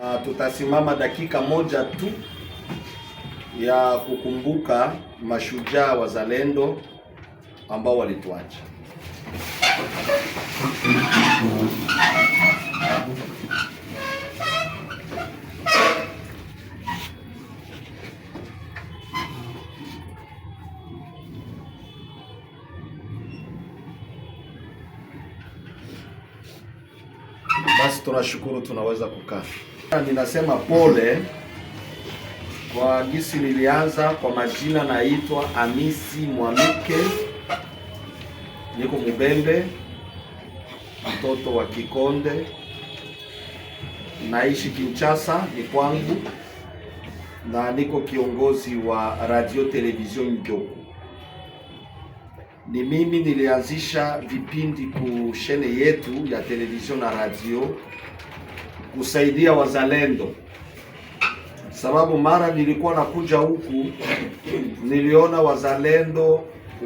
Uh, tutasimama dakika moja tu ya kukumbuka mashujaa wazalendo ambao walituacha. Basi tunashukuru tunaweza kukaa. Ninasema pole kwa gisi nilianza. Kwa majina naitwa Hamisi mwamike niko Mubembe, mtoto wa Kikonde, naishi Kinshasa, ni kwangu na niko kiongozi wa radio television Ngyoku. Ni mimi nilianzisha vipindi ku shene yetu ya television na radio kusaidia wazalendo, sababu mara nilikuwa nakuja huku niliona wazalendo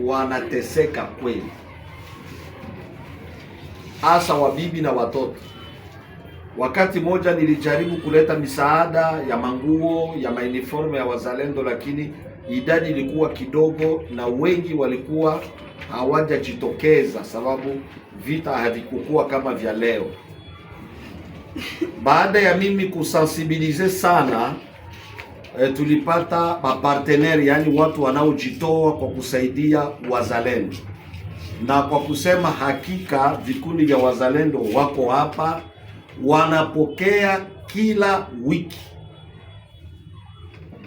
wanateseka kweli, hasa wabibi na watoto. Wakati moja nilijaribu kuleta misaada ya manguo ya mauniforme ya wazalendo, lakini idadi ilikuwa kidogo na wengi walikuwa hawajajitokeza, sababu vita havikukuwa kama vya leo baada ya mimi kusensibilize sana e, tulipata maparteneri, yaani watu wanaojitoa kwa kusaidia wazalendo, na kwa kusema hakika vikundi vya wazalendo wako hapa, wanapokea kila wiki,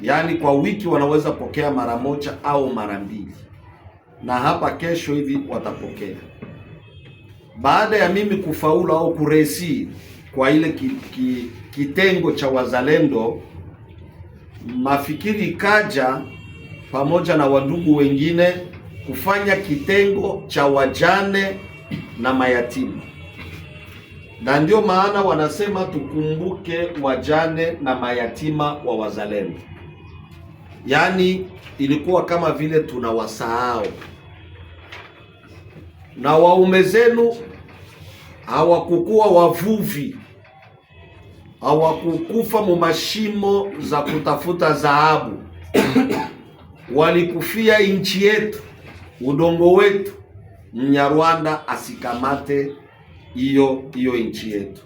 yaani kwa wiki wanaweza pokea mara moja au mara mbili, na hapa kesho hivi watapokea baada ya mimi kufaulu au kuresi kwa ile ki, ki, kitengo cha wazalendo mafikiri ikaja pamoja na wandugu wengine kufanya kitengo cha wajane na mayatima, na ndio maana wanasema tukumbuke wajane na mayatima wa wazalendo. Yaani ilikuwa kama vile tunawasahau. Na waume zenu hawakukuwa wavuvi hawakukufa mu mashimo za kutafuta dhahabu walikufia nchi yetu, udongo wetu. Mnyarwanda asikamate hiyo hiyo nchi yetu.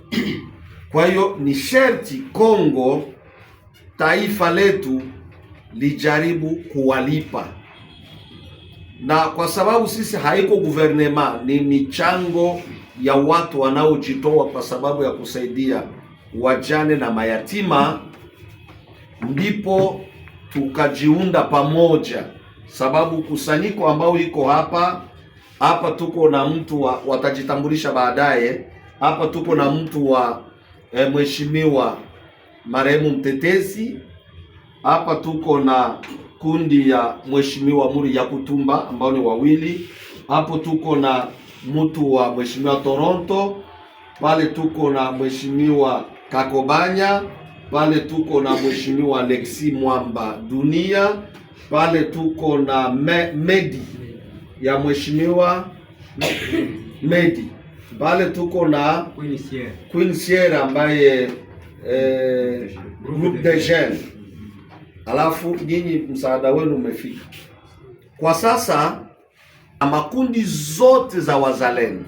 Kwa hiyo ni sherti Kongo, taifa letu lijaribu kuwalipa, na kwa sababu sisi haiko guvernema, ni michango ya watu wanaojitoa kwa sababu ya kusaidia wajane na mayatima, ndipo tukajiunda pamoja, sababu kusanyiko ambao iko hapa hapa, tuko na mtu wa, watajitambulisha baadaye. Hapa tuko na mtu wa eh, mheshimiwa marehemu mtetezi. Hapa tuko na kundi ya mheshimiwa Muri ya Kutumba ambao ni wawili. Hapo tuko na mtu wa mheshimiwa Toronto pale, tuko na mheshimiwa Kakobanya, pale tuko na mheshimiwa Alexi Mwamba Dunia, pale tuko na me, Medi ya mheshimiwa Medi, pale tuko na Queen Sierra ambaye eh, group de jeunes. Alafu nyinyi msaada wenu umefika kwa sasa na makundi zote za wazalendo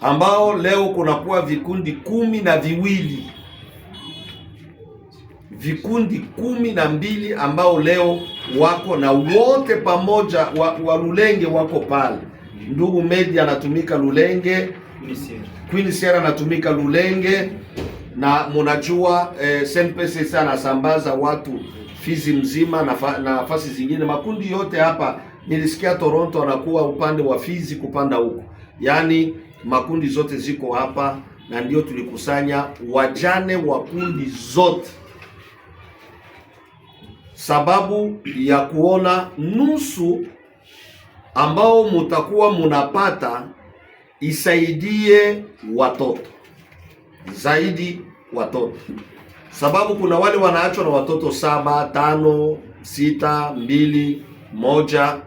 ambao leo kunakuwa vikundi kumi na viwili vikundi kumi na mbili ambao leo wako na wote pamoja wa, wa Lulenge wako pale. Ndugu Medi anatumika Lulenge, Queen Sierra anatumika Lulenge na munajua eh, SNPCC anasambaza watu Fizi mzima na nafasi zingine, makundi yote hapa. Nilisikia Toronto anakuwa upande wa Fizi kupanda huko, yaani makundi zote ziko hapa, na ndio tulikusanya wajane wa kundi zote, sababu ya kuona nusu ambao mutakuwa munapata isaidie watoto zaidi, watoto sababu kuna wale wanaachwa na watoto saba, tano, sita, mbili, moja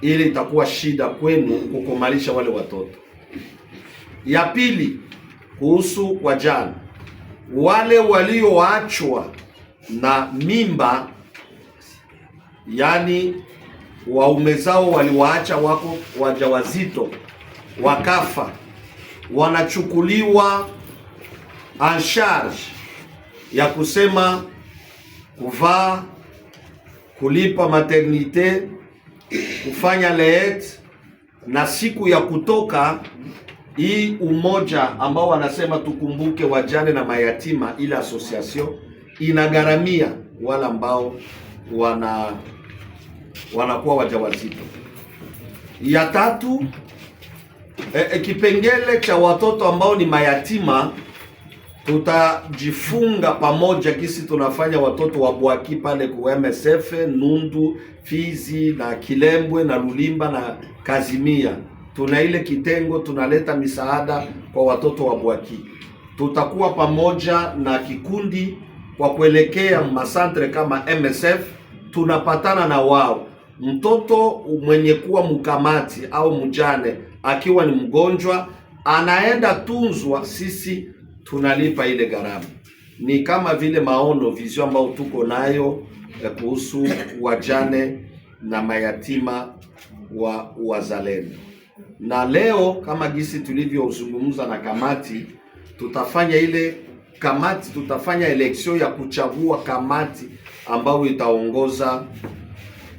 ili itakuwa shida kwenu kukumalisha wale watoto. Ya pili, kuhusu wajane wale walioachwa na mimba, yaani waume zao waliwaacha wako wajawazito wakafa, wanachukuliwa en charge ya kusema kuvaa, kulipa maternite kufanya leet na siku ya kutoka hii umoja ambao wanasema tukumbuke wajane na mayatima, ile association inagharamia wale ambao wana wanakuwa wajawazito. Ya tatu, e, e, kipengele cha watoto ambao ni mayatima tutajifunga pamoja kisi tunafanya watoto wa Bwaki pale ku MSF Nundu, Fizi na Kilembwe na Lulimba na Kazimia. Tuna ile kitengo tunaleta misaada kwa watoto wa Bwaki. Tutakuwa pamoja na kikundi kwa kuelekea masantre kama MSF, tunapatana na wao. Mtoto mwenye kuwa mkamati au mjane akiwa ni mgonjwa anaenda tunzwa, sisi tunalipa ile gharama. Ni kama vile maono vizio ambayo tuko nayo eh, kuhusu wajane na mayatima wa wazalendo. Na leo kama gisi tulivyozungumza na kamati, tutafanya ile kamati, tutafanya election ya kuchagua kamati ambayo itaongoza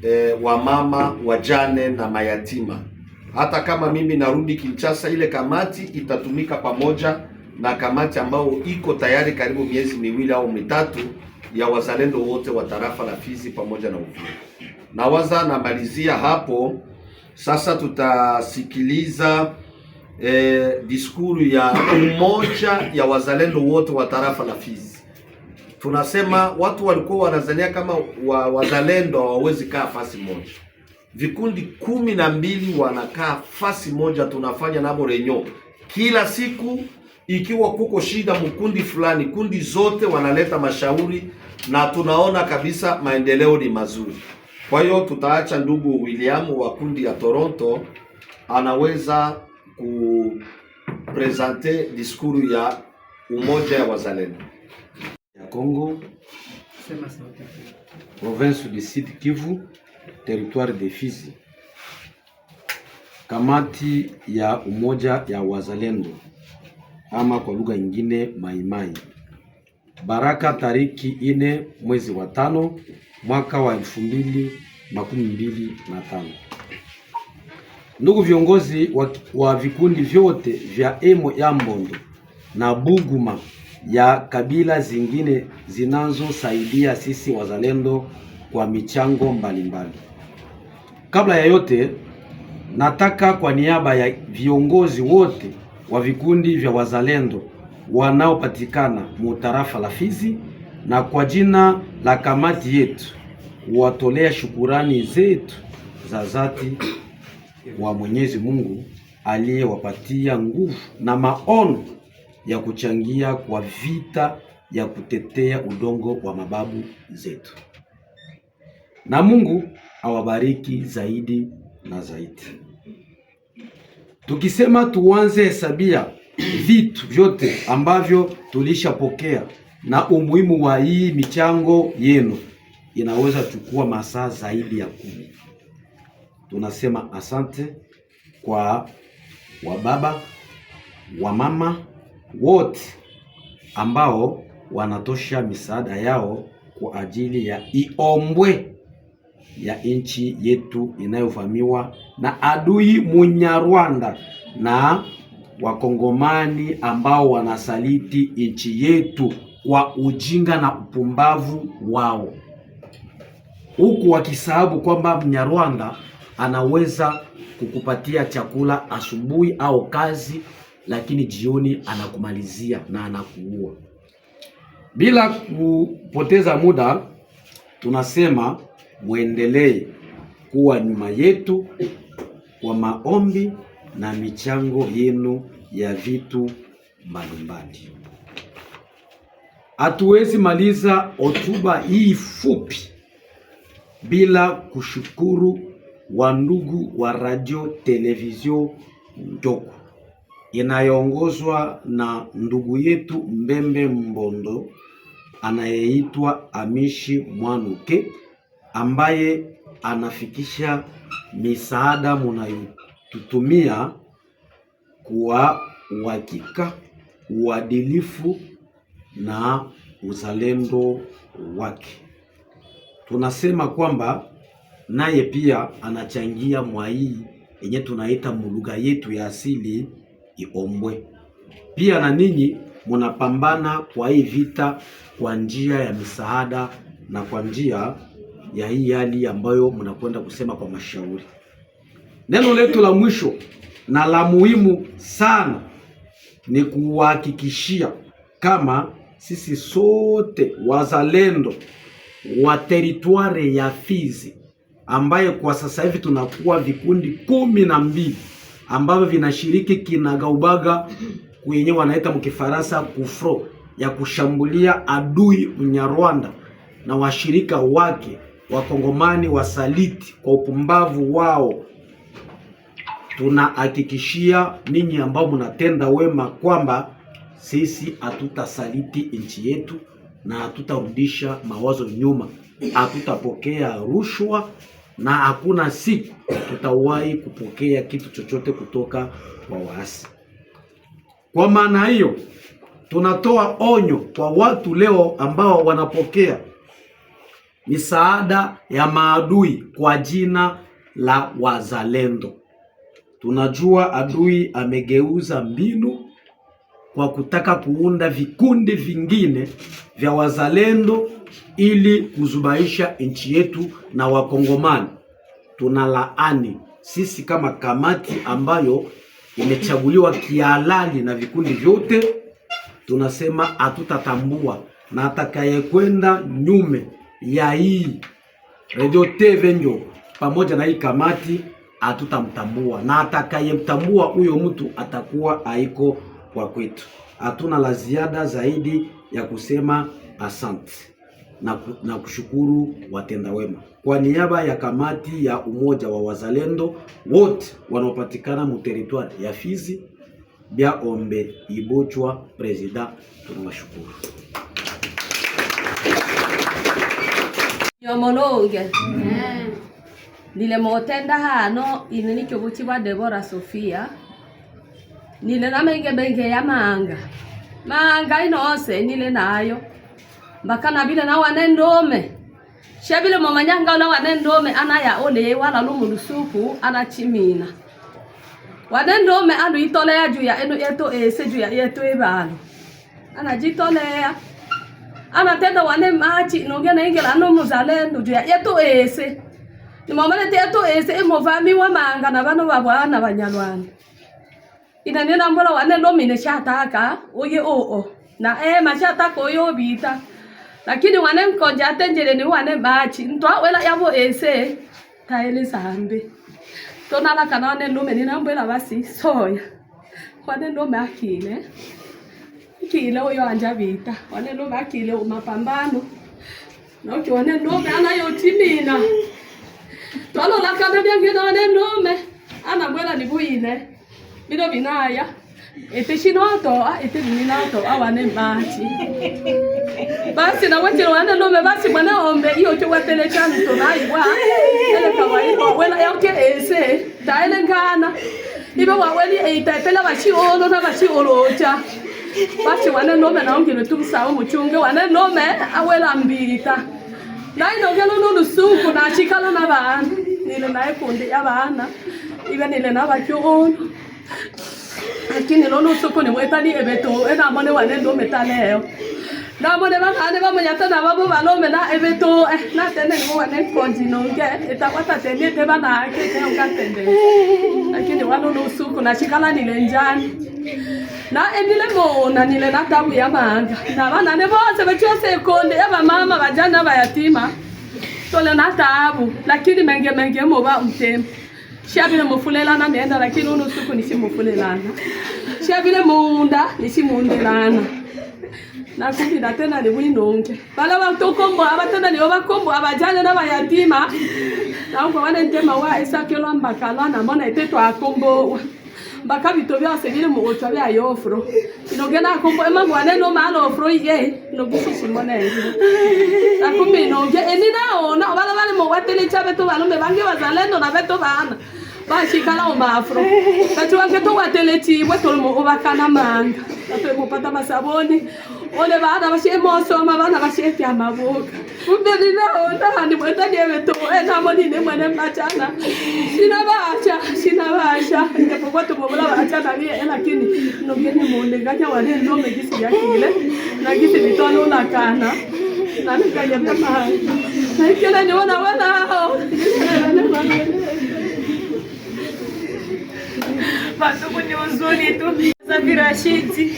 eh, wamama wajane na mayatima. Hata kama mimi narudi Kinshasa, ile kamati itatumika pamoja na kamati ambayo iko tayari karibu miezi miwili au mitatu ya wazalendo wote wa tarafa la Fizi pamoja na Uvira. Nawaza namalizia hapo. Sasa tutasikiliza eh, diskuru ya umoja ya wazalendo wote wa tarafa la Fizi. Tunasema watu walikuwa wanazania kama wa, wazalendo hawawezi kaa fasi moja vikundi kumi na mbili wanakaa fasi moja, tunafanya nabo renyo kila siku ikiwa kuko shida mkundi fulani, kundi zote wanaleta mashauri na tunaona kabisa maendeleo ni mazuri. Kwa hiyo tutaacha ndugu William wa kundi ya Toronto anaweza kupresente diskuru ya umoja ya wazalendo ya Kongo province du Sud Kivu territoire de Fizi. Kamati ya umoja ya wazalendo ama kwa lugha nyingine maimai. Baraka tariki ine mwezi wa tano mwaka wa elfu mbili makumi mbili na tano. Ndugu viongozi wa, wa vikundi vyote vya emo ya Mbondo na Buguma ya kabila zingine zinazosaidia sisi wazalendo kwa michango mbalimbali. Kabla ya yote, nataka kwa niaba ya viongozi wote wa vikundi vya wazalendo wanaopatikana mutarafa la Fizi, na kwa jina la kamati yetu watolea shukurani zetu za dhati wa Mwenyezi Mungu aliyewapatia nguvu na maono ya kuchangia kwa vita ya kutetea udongo wa mababu zetu, na Mungu awabariki zaidi na zaidi. Tukisema tuanze hesabia vitu vyote ambavyo tulishapokea na umuhimu wa hii michango yenu, inaweza chukua masaa zaidi ya kumi. Tunasema asante kwa wababa wamama wote ambao wanatosha misaada yao kwa ajili ya Iombwe ya nchi yetu inayovamiwa na adui Munyarwanda na wakongomani ambao wanasaliti nchi yetu kwa ujinga na upumbavu wao, huku wakisahabu kwamba Mnyarwanda anaweza kukupatia chakula asubuhi au kazi, lakini jioni anakumalizia na anakuua. Bila kupoteza muda tunasema muendelee kuwa nyuma yetu kwa maombi na michango yenu ya vitu mbalimbali. Hatuwezi maliza hotuba hii fupi bila kushukuru wandugu wa radio televizio ndogo inayoongozwa na ndugu yetu Mbembe Mbondo anayeitwa Amishi Mwanuke ambaye anafikisha misaada munayotutumia kwa uhakika, uadilifu na uzalendo wake. Tunasema kwamba naye pia anachangia mwa hii yenye tunaita mulugha yetu ya asili iombwe. Pia na ninyi munapambana kwa hii vita kwa njia ya misaada na kwa njia ya hii hali ambayo mnakwenda kusema kwa mashauri. Neno letu la mwisho na la muhimu sana ni kuwahakikishia kama sisi sote wazalendo wa teritwari ya Fizi ambaye kwa sasa hivi tunakuwa vikundi kumi na mbili ambavyo vinashiriki kinagaubaga kwenye wanaita mkifaransa kufro ya kushambulia adui Mnyarwanda na washirika wake wakongomani wasaliti kwa upumbavu wao. Tunahakikishia ninyi ambao mnatenda wema kwamba sisi hatutasaliti nchi yetu na hatutarudisha mawazo nyuma, hatutapokea rushwa na hakuna siku tutawahi kupokea kitu chochote kutoka kwa waasi. Kwa maana hiyo, tunatoa onyo kwa watu leo ambao wanapokea misaada ya maadui kwa jina la wazalendo. Tunajua adui amegeuza mbinu kwa kutaka kuunda vikundi vingine vya wazalendo ili kuzubaisha nchi yetu na Wakongomani. Tunalaani sisi kama kamati ambayo imechaguliwa kihalali na vikundi vyote, tunasema hatutatambua na atakayekwenda nyume ya hii Radio TV njo pamoja na hii kamati hatutamtambua, na atakayemtambua huyo mtu atakuwa aiko kwa kwetu. Hatuna la ziada zaidi ya kusema asante na kushukuru watenda wema kwa niaba ya kamati ya umoja wa wazalendo wote wanaopatikana mu ya Fizi, byaombe Ombe Ibochwa, president tunawashukuru yomologe mm. nile motenda hano ine nichovuchibwa Debora Sofia nile namenge benge ya manga manga inose nile nayo mbaka na nawane ndome shebile momanyanga ula wane ndome anaya ole wala lumulusuku anachimina wane ndome alu itolea juya ya enu yetu ese ya yetu ebalo anajitolea ana tenda wane machi noge na ingela muzalendo ya yetu ese ni te yetu ese imovami wa manga na bano babwana banyalwana ina nena mbola wane ndo shataka oye o na e mashataka oyo bita lakini wane mkonja atenjele ni wane machi ntwa wela yabo ese taele sambe tonala kana wane ndo menina mbola basi soya wane ndo makine Kile huyo anjavita waneloba kile umapambano nokione ndume anayotimina twalolakana vyangina wane ndume anabwela ni buyine bilo binaya ete shinotoa ete bininatoa wane mbachi basi nawetile wane ndume basi mwana ombe iyo chowatele chanu tunayibwa ele kawaiko wela yauke ese taelengana ibe waweli eitetela bashiolo na bashiolocha bashe wanenome naongele tumsawo muchunge wanenome awela mbita nainogela nulusuku nachikala na na bana nile ekundi ya baana, ibe nile na bakyuunu lakini lolusuku nimwetani ebetu enamone wanendometa leo namone bakane bamonyata nababo balome na na ebetu eh, natende nibo wanenkonji nonge etakwatatendiete banake teongatende lakini na nachikala nile njani na endile moonanile na tabu ya banga na bana ne bose becho sekonde ya bamama bajana bayatima tole na tabu lakini menge menge mo ba mtema shabile mufulelana mienda lakini unu suku nisimufulelana shabile muunda nisimuundelana nakubida tena ni bwinonge bala batokombo abatena nibo bakombo abajane n'abayatima nangwa banentema wa esakelwa mbakala namona ete twakombowa bakabito byose biri mu buco bya yofuro inoge nakumva emagwane nomana ofuro ye nogushisimo neza nakumva inoge eni naona bala bali mu watini cha betu balume bangi na betu bana bashikala omafro kati wange towateletibwe tolimo obakana manga atwe kupata masaboni ole bana bashemosoma bana basheti amabuka mbe ninaona hani mwenda nyewe to enamo nine mwene mbachana nina bache maisha ijapokuwa tumobola barachana biye lakini nogeni mundingaja warenome gisigiakile na gisi bitwana unakana nanikanyabya mahali naikele niwona wenao Matuku ni uzuri tu za Rashidi.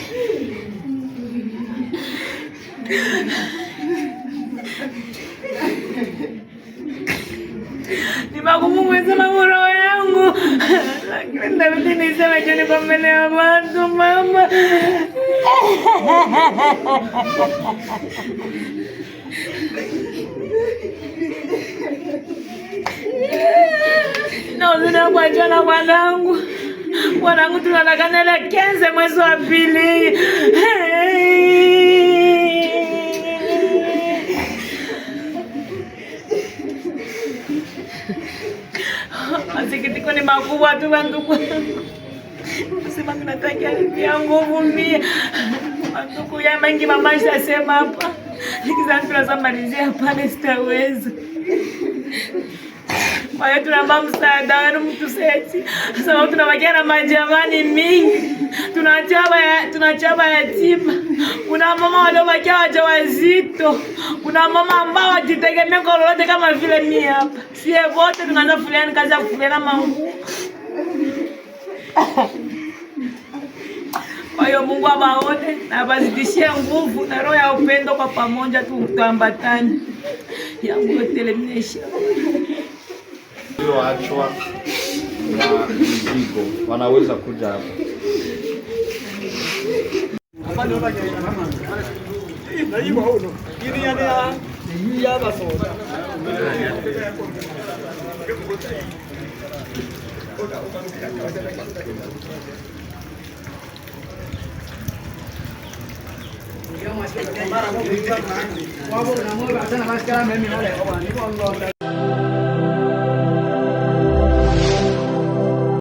Ni magumu mwenzema Daudi nisa machoni pa mbele ya watu mama. Na uzina kuachana mwanangu. Mwanangu tunatakana ile mwezi wa pili. Hey. masikitiko ni makubwa tu wandugu. Sema tunatakia nipia nguvu mia wandugu ya mengi mama ishasema hapa, nikizangu nazamalizia pale sitaweza kwa hiyo tunaomba msaada wenu kwa sababu tunabakia na majamani mingi, tunachaba yatima. Kuna mama waliobakia wajawazito, kuna mama ambao wajitegemea kwa lolote, kama vile mi hapa. Sie wote tunaanza fuliani kazi ya kufuliana manguo. Kwa hiyo Mungu awaone na abazidishie nguvu na roho ya upendo, kwa pamoja tuambatane yangu telemnesha walioachwa na mzigo wanaweza kuja hapa.